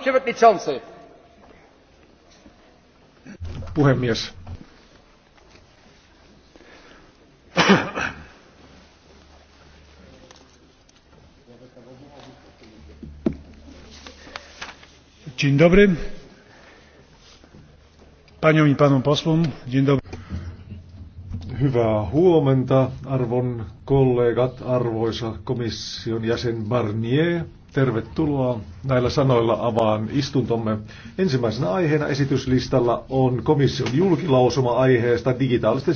przewodniczący! Puhemies. Dzień dobry. Paniom i panom posłom, dzień dobry. Hyvää huomenta, arvon kollegat, arvoisa komission jäsen Barnier. Tervetuloa. Näillä sanoilla avaan istuntomme. Ensimmäisenä aiheena esityslistalla on komission julkilausuma aiheesta digitaalisten